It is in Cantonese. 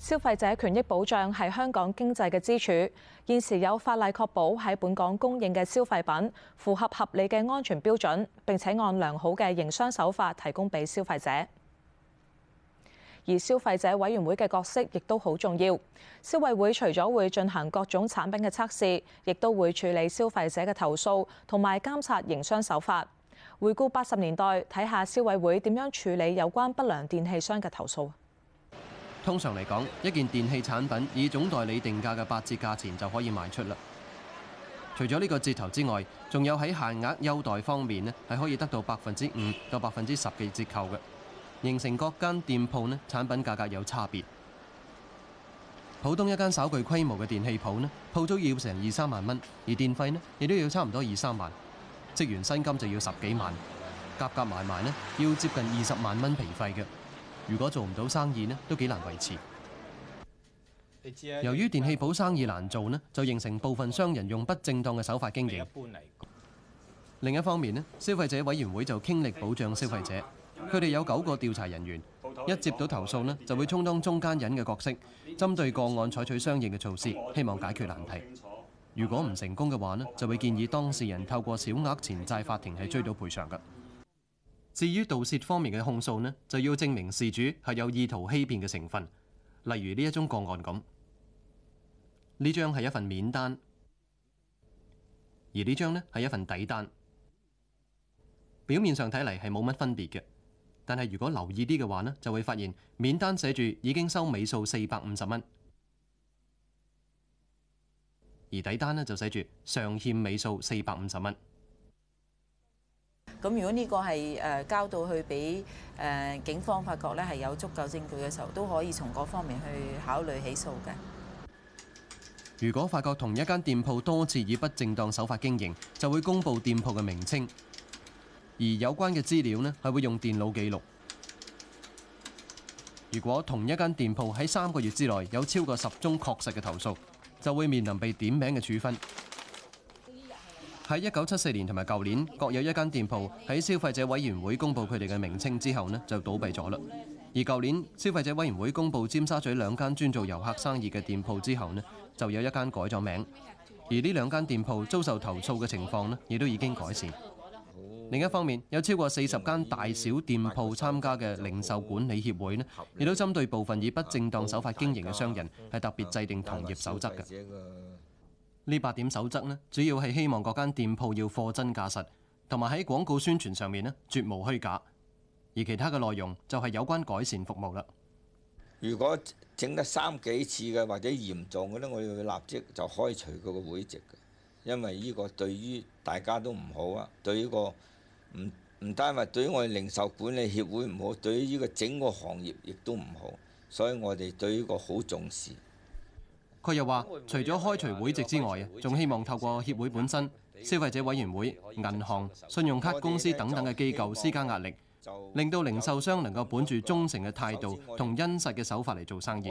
消費者權益保障係香港經濟嘅支柱。現時有法例確保喺本港供應嘅消費品符合合理嘅安全標準，並且按良好嘅營商手法提供畀消費者。而消費者委員會嘅角色亦都好重要。消委會除咗會進行各種產品嘅測試，亦都會處理消費者嘅投訴同埋監察營商手法。回顧八十年代，睇下消委會點樣處理有關不良電器商嘅投訴。通常嚟講，一件電器產品以總代理定價嘅八折價錢就可以賣出啦。除咗呢個折頭之外，仲有喺限額優待方面呢，係可以得到百分之五到百分之十嘅折扣嘅，形成各間店鋪呢，產品價格有差別。普通一間稍具規模嘅電器鋪呢，鋪租要成二三萬蚊，而電費呢亦都要差唔多二三萬，職員薪金就要十幾萬，夾夾埋埋呢，要接近二十萬蚊皮費嘅。如果做唔到生意咧，都幾難維持。由於電器鋪生意難做咧，就形成部分商人用不正當嘅手法經營。另一方面咧，消費者委員會就傾力保障消費者。佢哋有九個調查人員，一接到投訴咧，就會充當中間人嘅角色，針對個案採取相應嘅措施，希望解決難題。如果唔成功嘅話咧，就會建議當事人透過小額錢債法庭去追到賠償嘅。至於盜竊方面嘅控訴呢，就要證明事主係有意圖欺騙嘅成分，例如呢一宗個案咁。呢張係一份免單，而呢張呢係一份底單。表面上睇嚟係冇乜分別嘅，但係如果留意啲嘅話呢，就會發現免單寫住已經收尾數四百五十蚊，而底單呢就寫住尚欠尾數四百五十蚊。咁如果呢個係誒交到去俾誒警方發覺呢，係有足夠證據嘅時候，都可以從各方面去考慮起訴嘅。如果發覺同一間店鋪多次以不正當手法經營，就會公布店鋪嘅名稱，而有關嘅資料呢係會用電腦記錄。如果同一間店鋪喺三個月之內有超過十宗確實嘅投訴，就會面臨被點名嘅處分。喺一九七四年同埋舊年，各有一間店鋪喺消費者委員會公佈佢哋嘅名稱之後呢，就倒閉咗啦。而舊年消費者委員會公佈尖沙咀兩間專做遊客生意嘅店鋪之後呢，就有一間改咗名。而呢兩間店鋪遭受投訴嘅情況呢，亦都已經改善。另一方面，有超過四十間大小店鋪參加嘅零售管理協會呢，亦都針對部分以不正當手法經營嘅商人，係特別制定同業守則嘅。呢八點守則呢，主要係希望嗰間店鋪要貨真價實，同埋喺廣告宣傳上面呢，絕無虛假，而其他嘅內容就係有關改善服務啦。如果整得三幾次嘅，或者嚴重嘅呢，我要立即就開除佢個會籍嘅，因為呢個對於大家都唔好啊，對呢個唔唔單係對於我哋零售管理協會唔好，對於呢個整個行業亦都唔好，所以我哋對呢個好重視。佢又話：除咗開除會籍之外，仲希望透過協會本身、消費者委員會、銀行、信用卡公司等等嘅機構施加壓力，令到零售商能夠本住忠誠嘅態度同殷實嘅手法嚟做生意。